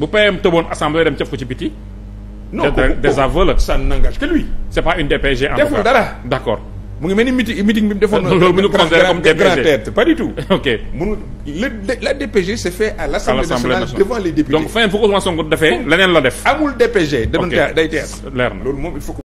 bu PM tëboon assemblée dem cëf ko ci biti. non désaveu la ça n'engage que lui. c'est pas une DPG en tout cas deful dara d'accord. mu ni meeting meeting bi mu defoon. loolu mu ngi considéré comme DPG pas du tout. ok mun la DPG c'est fait à l'Assemblée nationale devant les députés. donc feneen fu ko Ousmane Sonko defee leneen la def. amul DPG. ok day teel leer na loolu moom il